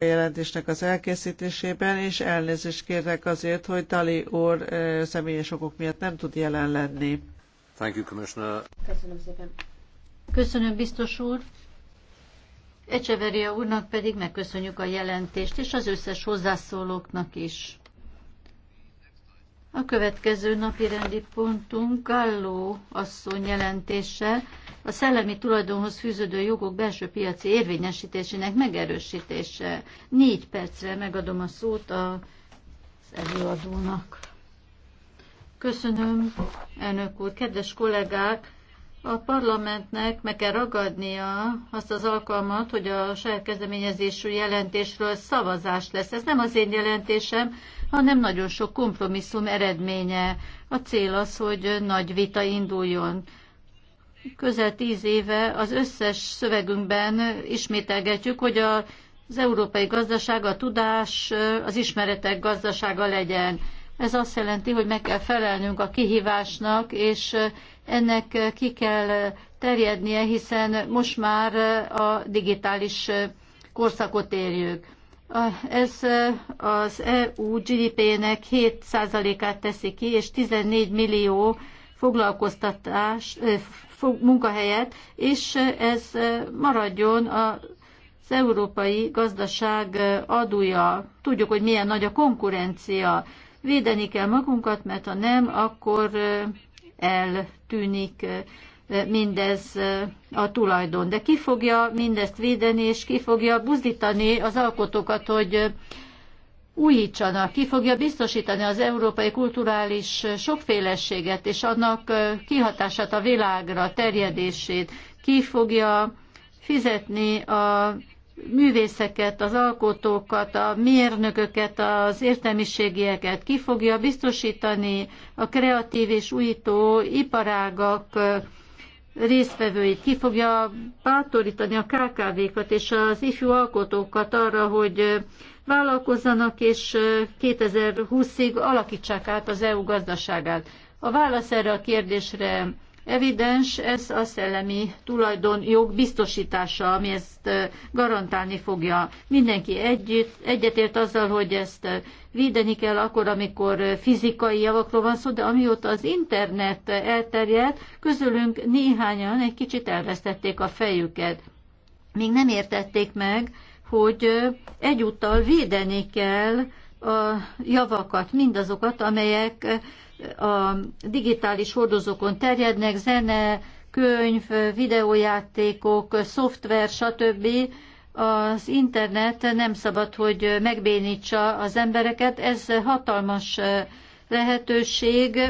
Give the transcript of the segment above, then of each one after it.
jelentésnek az elkészítésében, és elnézést kérek azért, hogy Dali úr személyes okok miatt nem tud jelen lenni. Thank you, Commissioner. Köszönöm szépen. Köszönöm, biztos úr. Echeveria úrnak pedig megköszönjük a jelentést, és az összes hozzászólóknak is. A következő napi rendi pontunk Galló asszony jelentése a szellemi tulajdonhoz fűződő jogok belső piaci érvényesítésének megerősítése. Négy percre megadom a szót az előadónak. Köszönöm, elnök úr, kedves kollégák! A parlamentnek meg kell ragadnia azt az alkalmat, hogy a saját kezdeményezésű jelentésről szavazás lesz. Ez nem az én jelentésem, hanem nagyon sok kompromisszum eredménye. A cél az, hogy nagy vita induljon. Közel tíz éve az összes szövegünkben ismételgetjük, hogy a az európai gazdaság, a tudás, az ismeretek gazdasága legyen. Ez azt jelenti, hogy meg kell felelnünk a kihívásnak, és ennek ki kell terjednie, hiszen most már a digitális korszakot érjük. Ez az EU GDP-nek 7%-át teszi ki, és 14 millió foglalkoztatás, munkahelyet, és ez maradjon a az európai gazdaság adója. Tudjuk, hogy milyen nagy a konkurencia, Védeni kell magunkat, mert ha nem, akkor eltűnik mindez a tulajdon. De ki fogja mindezt védeni, és ki fogja buzdítani az alkotókat, hogy újítsanak, ki fogja biztosítani az európai kulturális sokféleséget és annak kihatását a világra, terjedését, ki fogja fizetni a művészeket, az alkotókat, a mérnököket, az értelmiségieket, ki fogja biztosítani a kreatív és újító iparágak résztvevőit, ki fogja bátorítani a KKV-kat és az ifjú alkotókat arra, hogy vállalkozzanak és 2020-ig alakítsák át az EU gazdaságát. A válasz erre a kérdésre Evidens ez a szellemi tulajdonjog biztosítása, ami ezt garantálni fogja. Mindenki együtt, egyetért azzal, hogy ezt védeni kell akkor, amikor fizikai javakról van szó, de amióta az internet elterjedt, közülünk néhányan egy kicsit elvesztették a fejüket. Még nem értették meg, hogy egyúttal védeni kell a javakat, mindazokat, amelyek a digitális hordozókon terjednek, zene, könyv, videójátékok, szoftver, stb. Az internet nem szabad, hogy megbénítsa az embereket. Ez hatalmas lehetőség,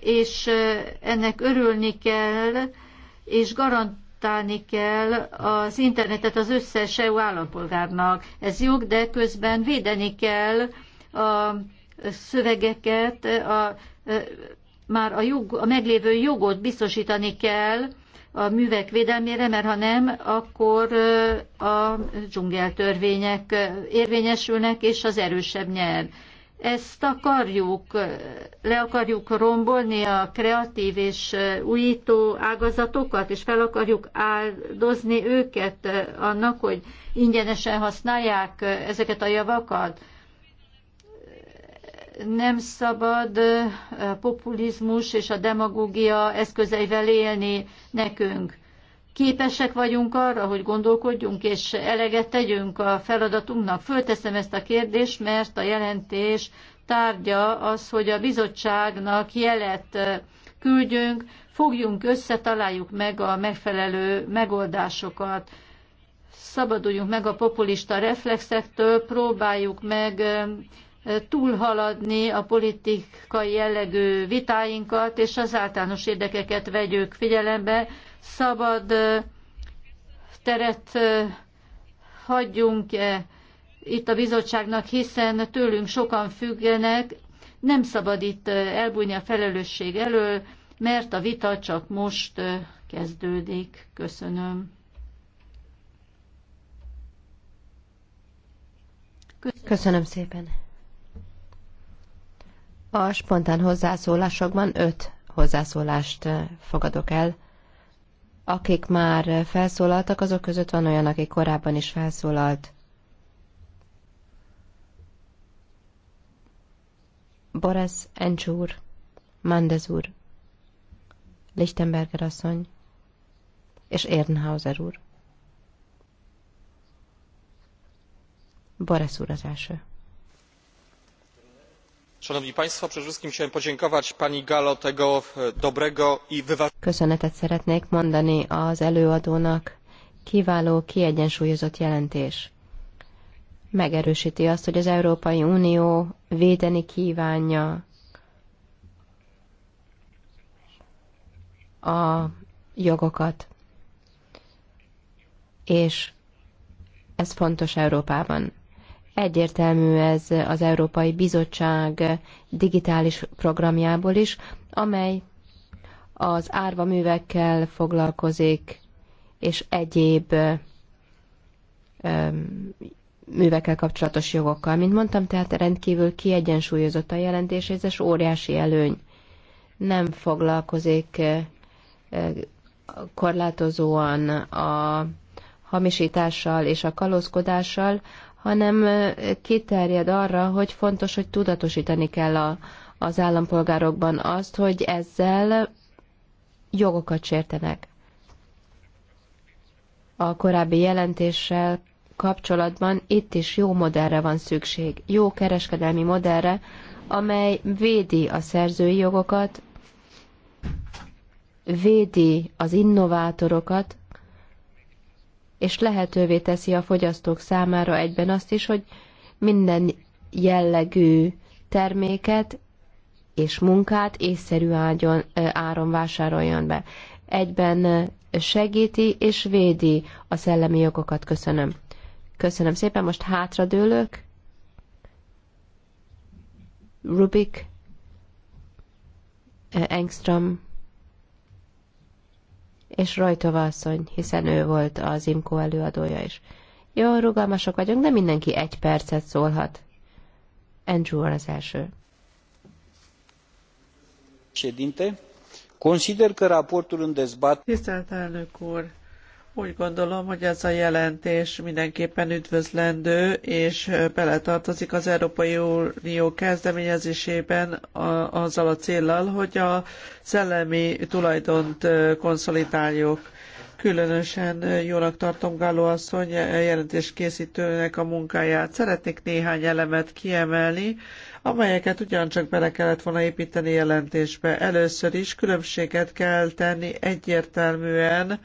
és ennek örülni kell, és garantálni kell az internetet az összes EU állampolgárnak. Ez jog, de közben védeni kell a szövegeket, a, e, már a, jog, a meglévő jogot biztosítani kell a művek védelmére, mert ha nem, akkor e, a dzsungeltörvények e, érvényesülnek, és az erősebb nyer. Ezt akarjuk, le akarjuk rombolni a kreatív és újító ágazatokat, és fel akarjuk áldozni őket annak, hogy ingyenesen használják ezeket a javakat nem szabad a populizmus és a demagógia eszközeivel élni nekünk. Képesek vagyunk arra, hogy gondolkodjunk és eleget tegyünk a feladatunknak. Fölteszem ezt a kérdést, mert a jelentés tárgya az, hogy a bizottságnak jelet küldjünk, fogjunk össze, találjuk meg a megfelelő megoldásokat szabaduljunk meg a populista reflexektől, próbáljuk meg túlhaladni a politikai jellegű vitáinkat, és az általános érdekeket vegyük figyelembe. Szabad teret hagyjunk -e itt a bizottságnak, hiszen tőlünk sokan függenek, nem szabad itt elbújni a felelősség elől, mert a vita csak most kezdődik. Köszönöm. Köszönöm, Köszönöm szépen. A spontán hozzászólásokban öt hozzászólást fogadok el. Akik már felszólaltak, azok között van olyan, aki korábban is felszólalt. Boris Encsúr, Mandez úr, Lichtenberger asszony és Érnhauser úr. Boris úr az első przede wszystkim chciałem podziękować pani gallo za to e, dobre i wyważonego. köszönetet szeretnék mondani az előadónak kiváló kiegyensúlyozott jelentés megerősíti azt, hogy az Európai Unió védeni kívánja a jogokat. És ez fontos Európában. Egyértelmű ez az Európai Bizottság digitális programjából is, amely az árva művekkel foglalkozik, és egyéb művekkel kapcsolatos jogokkal. Mint mondtam, tehát rendkívül kiegyensúlyozott a jelentés, ez az óriási előny. Nem foglalkozik korlátozóan a hamisítással és a kalózkodással, hanem kiterjed arra, hogy fontos, hogy tudatosítani kell a, az állampolgárokban azt, hogy ezzel jogokat sértenek. A korábbi jelentéssel kapcsolatban itt is jó modellre van szükség, jó kereskedelmi modellre, amely védi a szerzői jogokat, védi az innovátorokat, és lehetővé teszi a fogyasztók számára egyben azt is, hogy minden jellegű terméket és munkát észszerű ágyon, áron vásároljon be. Egyben segíti és védi a szellemi jogokat. Köszönöm. Köszönöm szépen, most hátradőlök. Rubik, Engström és Rajtova asszony, hiszen ő volt az IMKO előadója is. Jó, rugalmasok vagyunk, de mindenki egy percet szólhat. Andrew az első. Sedinte, consider că raportul în dezbat... Tisztelt elnök úr, úgy gondolom, hogy ez a jelentés mindenképpen üdvözlendő, és beletartozik az Európai Unió kezdeményezésében azzal a céllal, hogy a szellemi tulajdont konszolidáljuk. Különösen jónak tartom Gáló asszony jelentés készítőnek a munkáját. Szeretnék néhány elemet kiemelni, amelyeket ugyancsak bele kellett volna építeni jelentésbe. Először is különbséget kell tenni egyértelműen,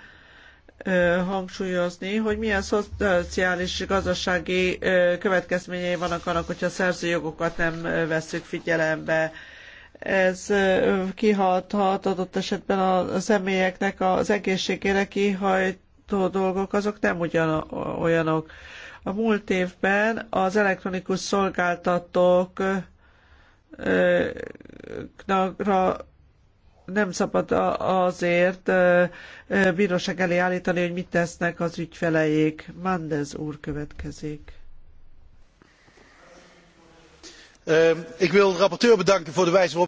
hangsúlyozni, hogy milyen szociális gazdasági következményei vannak annak, hogyha a szerzőjogokat nem vesszük figyelembe. Ez kihathat adott esetben a személyeknek az egészségére kihajtó dolgok, azok nem ugyanolyanok. A múlt évben az elektronikus szolgáltatóknak nem szabad azért bíróság elé állítani, hogy mit tesznek az ügyfeleik. Mandez úr következik. Ehm,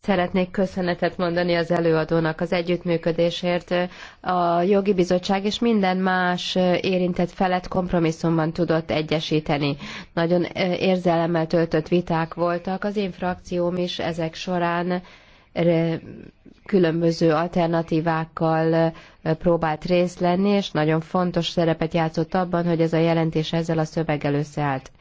Szeretnék köszönetet mondani az előadónak az együttműködésért. A jogi bizottság és minden más érintett felet kompromisszumban tudott egyesíteni. Nagyon érzelemmel töltött viták voltak. Az én frakcióm is ezek során különböző alternatívákkal próbált részt lenni, és nagyon fontos szerepet játszott abban, hogy ez a jelentés ezzel a szöveggel összeállt.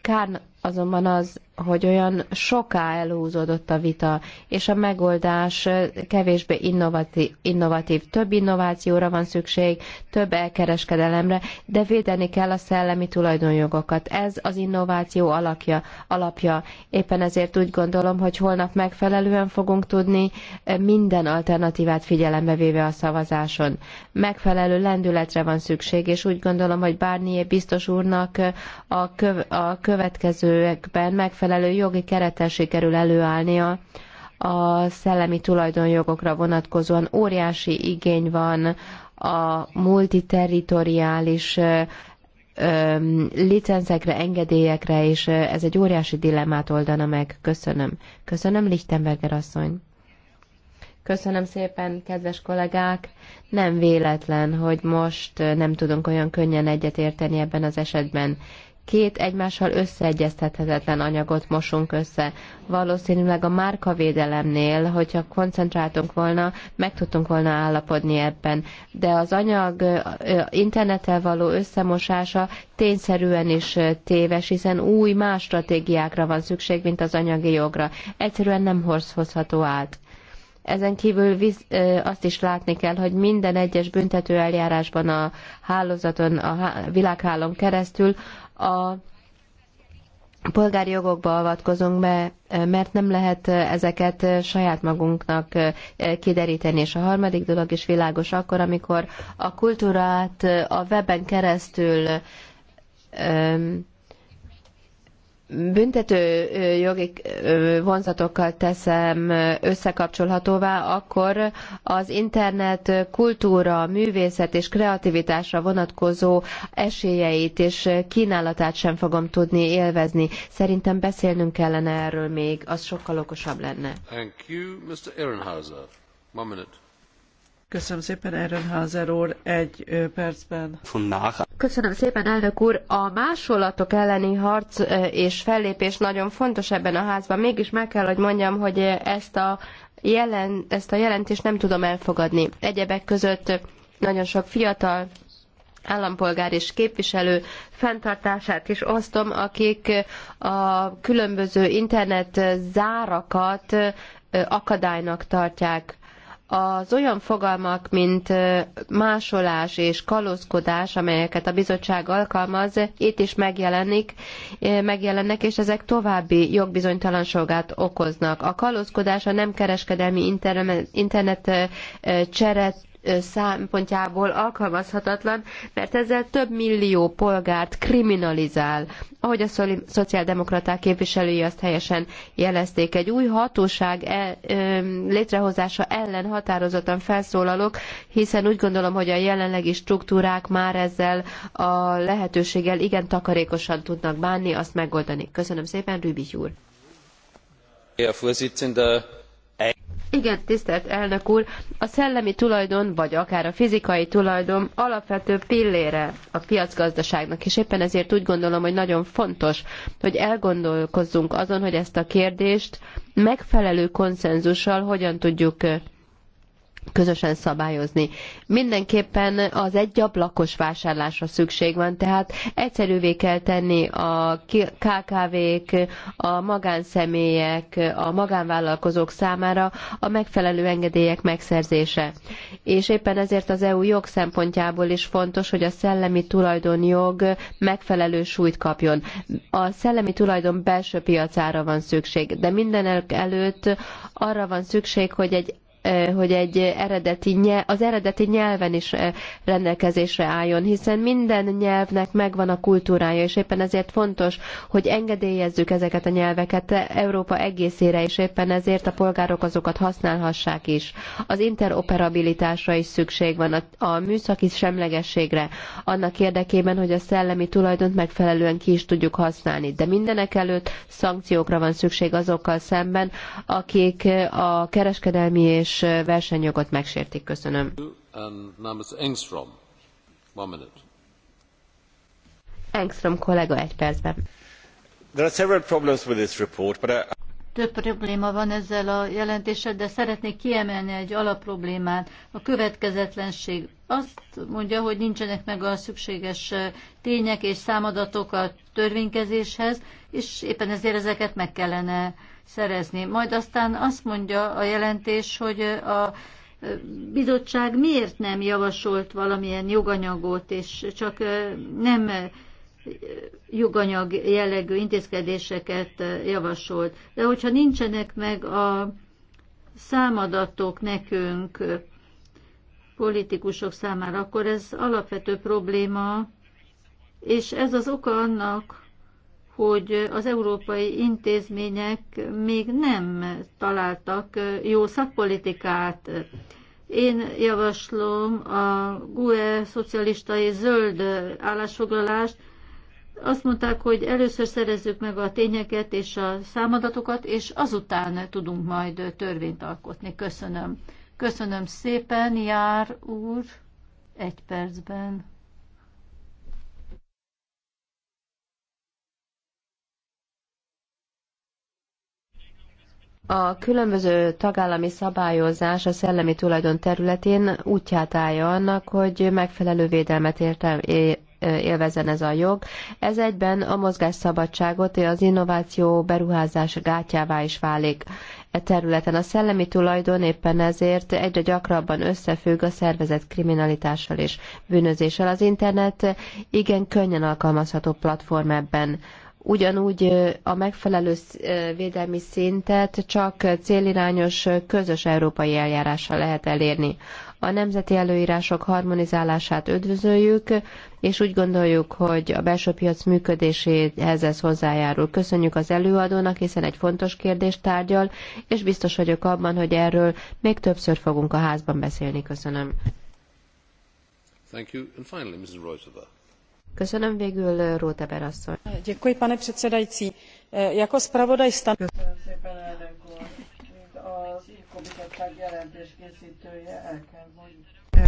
Kár azonban az hogy olyan soká elhúzódott a vita, és a megoldás kevésbé innovatív, innovatív. Több innovációra van szükség, több elkereskedelemre, de védeni kell a szellemi tulajdonjogokat. Ez az innováció alakja, alapja. Éppen ezért úgy gondolom, hogy holnap megfelelően fogunk tudni minden alternatívát figyelembe véve a szavazáson. Megfelelő lendületre van szükség, és úgy gondolom, hogy Barnier biztos úrnak a, köv- a következőekben megfelelően megfelelő jogi kerettel sikerül előállnia a szellemi tulajdonjogokra vonatkozóan. Óriási igény van a multiterritoriális licencekre, engedélyekre, és ez egy óriási dilemmát oldana meg. Köszönöm. Köszönöm, Lichtenberger asszony. Köszönöm szépen, kedves kollégák! Nem véletlen, hogy most nem tudunk olyan könnyen egyetérteni ebben az esetben két egymással összeegyeztethetetlen anyagot mosunk össze. Valószínűleg a márkavédelemnél, hogyha koncentráltunk volna, meg tudtunk volna állapodni ebben. De az anyag internettel való összemosása tényszerűen is téves, hiszen új, más stratégiákra van szükség, mint az anyagi jogra. Egyszerűen nem hozható át. Ezen kívül visz, ö, azt is látni kell, hogy minden egyes büntető eljárásban a hálózaton, a há, világhálón keresztül a polgári jogokba avatkozunk be, mert nem lehet ezeket saját magunknak kideríteni. És a harmadik dolog is világos akkor, amikor a kultúrát a weben keresztül büntető jogi vonzatokkal teszem összekapcsolhatóvá, akkor az internet kultúra, művészet és kreativitásra vonatkozó esélyeit és kínálatát sem fogom tudni élvezni. Szerintem beszélnünk kellene erről még, az sokkal okosabb lenne. Thank you, Mr. Ehrenhauser. One minute. Köszönöm szépen, Ehrenházer úr, egy percben. Köszönöm szépen, elnök úr. A másolatok elleni harc és fellépés nagyon fontos ebben a házban. Mégis meg kell, hogy mondjam, hogy ezt a, jelen, ezt a jelentést nem tudom elfogadni. Egyebek között nagyon sok fiatal állampolgár és képviselő fenntartását is osztom, akik a különböző internet zárakat akadálynak tartják az olyan fogalmak, mint másolás és kalózkodás, amelyeket a bizottság alkalmaz, itt is megjelenik, megjelennek, és ezek további jogbizonytalanságát okoznak. A kalózkodás a nem kereskedelmi internet, internet csere szempontjából alkalmazhatatlan, mert ezzel több millió polgárt kriminalizál. Ahogy a szociáldemokraták képviselői azt helyesen jelezték, egy új hatóság e, létrehozása ellen határozottan felszólalok, hiszen úgy gondolom, hogy a jelenlegi struktúrák már ezzel a lehetőséggel igen takarékosan tudnak bánni, azt megoldani. Köszönöm szépen, Rübi úr! Herr igen, tisztelt elnök úr, a szellemi tulajdon, vagy akár a fizikai tulajdon alapvető pillére a piacgazdaságnak, és éppen ezért úgy gondolom, hogy nagyon fontos, hogy elgondolkozzunk azon, hogy ezt a kérdést megfelelő konszenzussal hogyan tudjuk közösen szabályozni. Mindenképpen az egy ablakos vásárlásra szükség van, tehát egyszerűvé kell tenni a KKV-k, a magánszemélyek, a magánvállalkozók számára a megfelelő engedélyek megszerzése. És éppen ezért az EU jog szempontjából is fontos, hogy a szellemi tulajdonjog megfelelő súlyt kapjon. A szellemi tulajdon belső piacára van szükség, de minden előtt arra van szükség, hogy egy hogy egy eredeti nyelv, az eredeti nyelven is rendelkezésre álljon, hiszen minden nyelvnek megvan a kultúrája, és éppen ezért fontos, hogy engedélyezzük ezeket a nyelveket Európa egészére, és éppen ezért a polgárok azokat használhassák is. Az interoperabilitásra is szükség van, a, a műszaki semlegességre, annak érdekében, hogy a szellemi tulajdont megfelelően ki is tudjuk használni. De mindenek előtt szankciókra van szükség azokkal szemben, akik a kereskedelmi és versenyjogot megsértik. Köszönöm. Engström. kollega egy percben. Több probléma van ezzel a jelentéssel, de szeretnék kiemelni egy alapproblémát, a következetlenség. Azt mondja, hogy nincsenek meg a szükséges tények és számadatok a törvénykezéshez, és éppen ezért ezeket meg kellene szerezni. Majd aztán azt mondja a jelentés, hogy a bizottság miért nem javasolt valamilyen joganyagot, és csak nem joganyag jellegű intézkedéseket javasolt. De hogyha nincsenek meg a számadatok nekünk, politikusok számára, akkor ez alapvető probléma, és ez az oka annak, hogy az európai intézmények még nem találtak jó szakpolitikát. Én javaslom a GUE szocialista és zöld állásfoglalást. Azt mondták, hogy először szerezzük meg a tényeket és a számadatokat, és azután tudunk majd törvényt alkotni. Köszönöm. Köszönöm szépen, Jár úr, egy percben. a különböző tagállami szabályozás a szellemi tulajdon területén útját állja annak, hogy megfelelő védelmet értem, élvezen ez a jog. Ez egyben a mozgásszabadságot és az innováció beruházás gátjává is válik. E területen a szellemi tulajdon éppen ezért egyre gyakrabban összefügg a szervezet kriminalitással és bűnözéssel. Az internet igen könnyen alkalmazható platform ebben ugyanúgy a megfelelő védelmi szintet csak célirányos közös európai eljárással lehet elérni. A nemzeti előírások harmonizálását üdvözöljük, és úgy gondoljuk, hogy a belső piac működéséhez ez hozzájárul. Köszönjük az előadónak, hiszen egy fontos kérdést tárgyal, és biztos vagyok abban, hogy erről még többször fogunk a házban beszélni. Köszönöm. Thank you. And finally, Mrs. Köszönöm végül Róteber asszony. Děkuji, pane předsedající. E, jako zpravodaj stan... el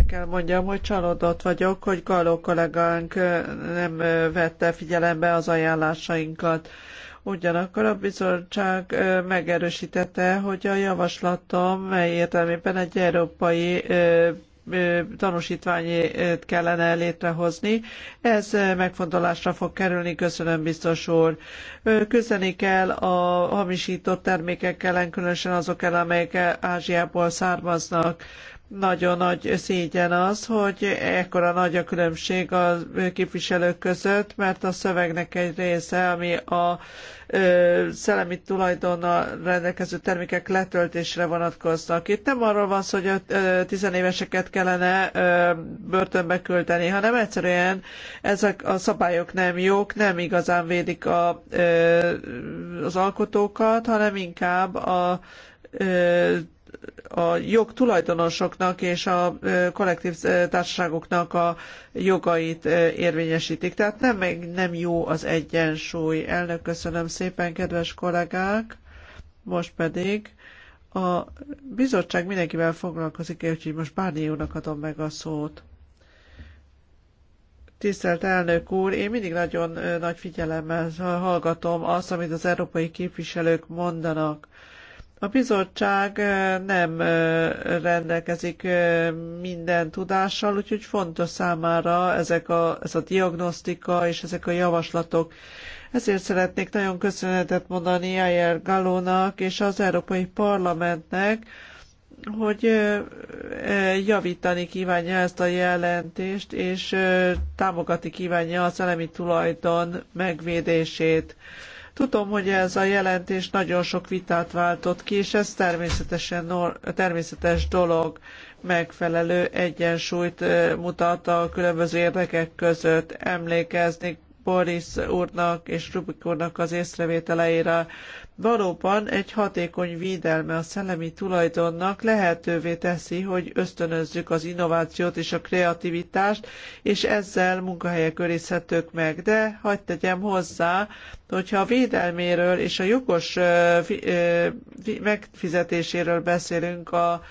kell mondani. mondjam, hogy csalódott vagyok, hogy Galó kollégánk nem vette figyelembe az ajánlásainkat. Ugyanakkor a bizottság megerősítette, hogy a javaslatom, mely értelmében egy európai tanúsítványét kellene létrehozni. Ez megfontolásra fog kerülni, köszönöm biztos úr. Küzdeni kell a hamisított termékek ellen, különösen azok ellen, amelyek Ázsiából származnak nagyon nagy szégyen az, hogy ekkora nagy a különbség a képviselők között, mert a szövegnek egy része, ami a ö, szellemi tulajdonnal rendelkező termékek letöltésre vonatkoznak. Itt nem arról van szó, hogy a tizenéveseket kellene ö, börtönbe küldeni, hanem egyszerűen ezek a szabályok nem jók, nem igazán védik a, ö, az alkotókat, hanem inkább a ö, a jog tulajdonosoknak és a kollektív társaságoknak a jogait érvényesítik. Tehát nem, nem jó az egyensúly. Elnök, köszönöm szépen, kedves kollégák. Most pedig a bizottság mindenkivel foglalkozik, úgyhogy most Bárniónak adom meg a szót. Tisztelt elnök úr, én mindig nagyon nagy figyelemmel hallgatom azt, amit az európai képviselők mondanak a bizottság nem rendelkezik minden tudással, úgyhogy fontos számára ezek a, ez a diagnosztika és ezek a javaslatok. Ezért szeretnék nagyon köszönetet mondani Jair Galónak és az Európai Parlamentnek, hogy javítani kívánja ezt a jelentést, és támogatni kívánja az elemi tulajdon megvédését. Tudom, hogy ez a jelentés nagyon sok vitát váltott ki, és ez természetesen természetes dolog megfelelő egyensúlyt mutat a különböző érdekek között. Emlékezni Boris úrnak és Rubik úrnak az észrevételeire valóban egy hatékony védelme a szellemi tulajdonnak lehetővé teszi, hogy ösztönözzük az innovációt és a kreativitást, és ezzel munkahelyek őrizhetők meg. De hagyd tegyem hozzá, hogyha a védelméről és a jogos megfizetéséről beszélünk a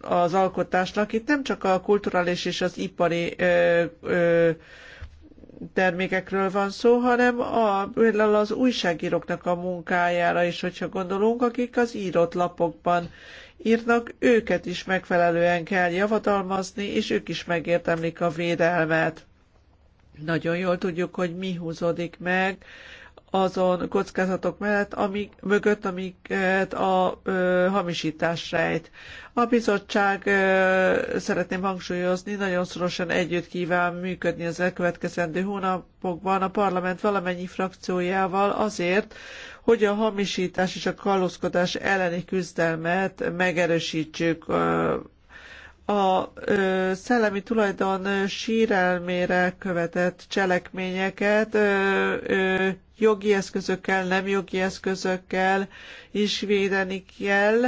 az alkotásnak. Itt nem csak a kulturális és az ipari ö, ö, termékekről van szó, hanem a, például az újságíróknak a munkájára is, hogyha gondolunk, akik az írott lapokban írnak, őket is megfelelően kell javatalmazni, és ők is megértemlik a védelmet. Nagyon jól tudjuk, hogy mi húzódik meg azon kockázatok mellett, amik, mögött, amiket a ö, hamisítás rejt. A bizottság, ö, szeretném hangsúlyozni, nagyon szorosan együtt kíván működni az elkövetkezendő hónapokban a parlament valamennyi frakciójával azért, hogy a hamisítás és a kalózkodás elleni küzdelmet megerősítsük. Ö, a ö, szellemi tulajdon sírelmére követett cselekményeket ö, ö, jogi eszközökkel, nem jogi eszközökkel is védeni kell,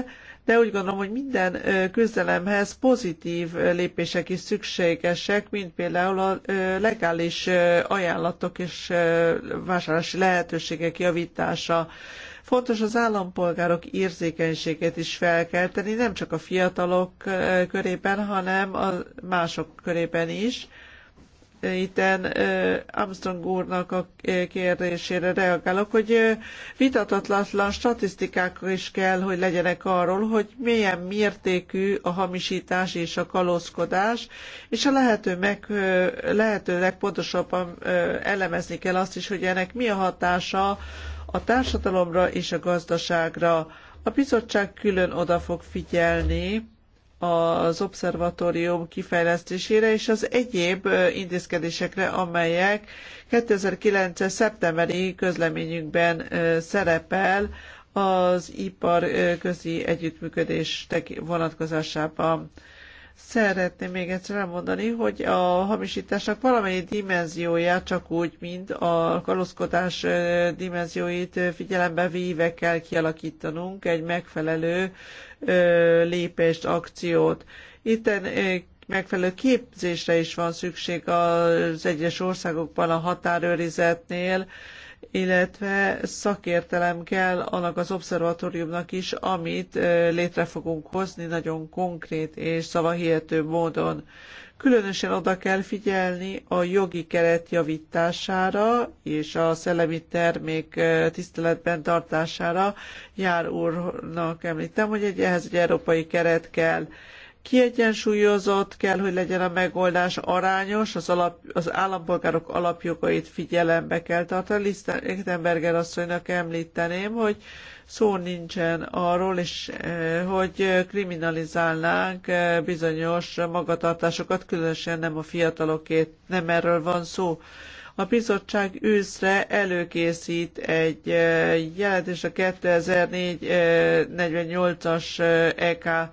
de úgy gondolom, hogy minden küzdelemhez pozitív lépések is szükségesek, mint például a legális ajánlatok és vásárlási lehetőségek javítása. Fontos az állampolgárok érzékenységet is felkelteni, nem csak a fiatalok eh, körében, hanem a mások körében is, itten Armstrong úrnak a kérdésére reagálok, hogy vitatatlan statisztikák is kell, hogy legyenek arról, hogy milyen mértékű a hamisítás és a kalózkodás, és a lehető meg, lehetőleg pontosabban elemezni kell azt is, hogy ennek mi a hatása a társadalomra és a gazdaságra. A bizottság külön oda fog figyelni, az obszervatórium kifejlesztésére és az egyéb intézkedésekre, amelyek 2009. szeptemberi közleményünkben szerepel az iparközi együttműködés vonatkozásában. Szeretném még egyszer elmondani, hogy a hamisításnak valamennyi dimenzióját csak úgy, mint a kalózkodás dimenzióit figyelembe véve kell kialakítanunk egy megfelelő lépést, akciót. Itten megfelelő képzésre is van szükség az egyes országokban a határőrizetnél, illetve szakértelem kell annak az obszervatóriumnak is, amit létre fogunk hozni nagyon konkrét és szavahihető módon. Különösen oda kell figyelni a jogi keret javítására és a szellemi termék tiszteletben tartására. Jár úrnak említem, hogy egy, ehhez egy európai keret kell. Kiegyensúlyozott kell, hogy legyen a megoldás arányos, az, alap, az állampolgárok alapjogait figyelembe kell tartani. Lichtenberger asszonynak említeném, hogy szó nincsen arról, és eh, hogy kriminalizálnánk eh, bizonyos magatartásokat, különösen nem a fiatalokét, nem erről van szó. A bizottság őszre előkészít egy eh, jelentés a 2004-48-as EK e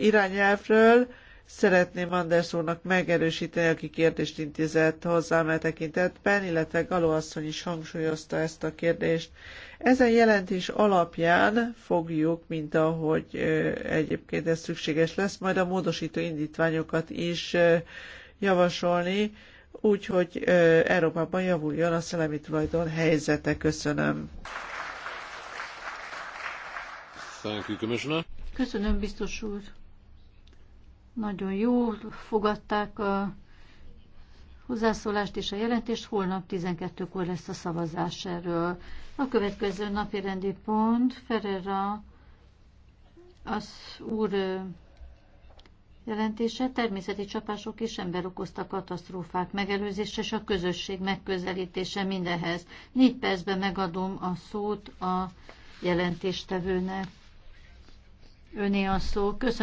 irányelvről. Szeretném Anders úrnak megerősíteni, aki kérdést intézett hozzám e tekintetben, illetve Galo asszony is hangsúlyozta ezt a kérdést. Ezen jelentés alapján fogjuk, mint ahogy egyébként ez szükséges lesz, majd a módosító indítványokat is javasolni, úgy, hogy Európában javuljon a szellemi tulajdon helyzete. Köszönöm. Thank you, Commissioner. Köszönöm, biztos úr. Nagyon jó, fogadták a hozzászólást és a jelentést. Holnap 12-kor lesz a szavazás erről. A következő napi rendi pont Ferrera az úr jelentése természeti csapások és ember okozta katasztrófák megelőzése és a közösség megközelítése mindehez. Négy percben megadom a szót a jelentéstevőnek. Öné a szó. Köszönöm.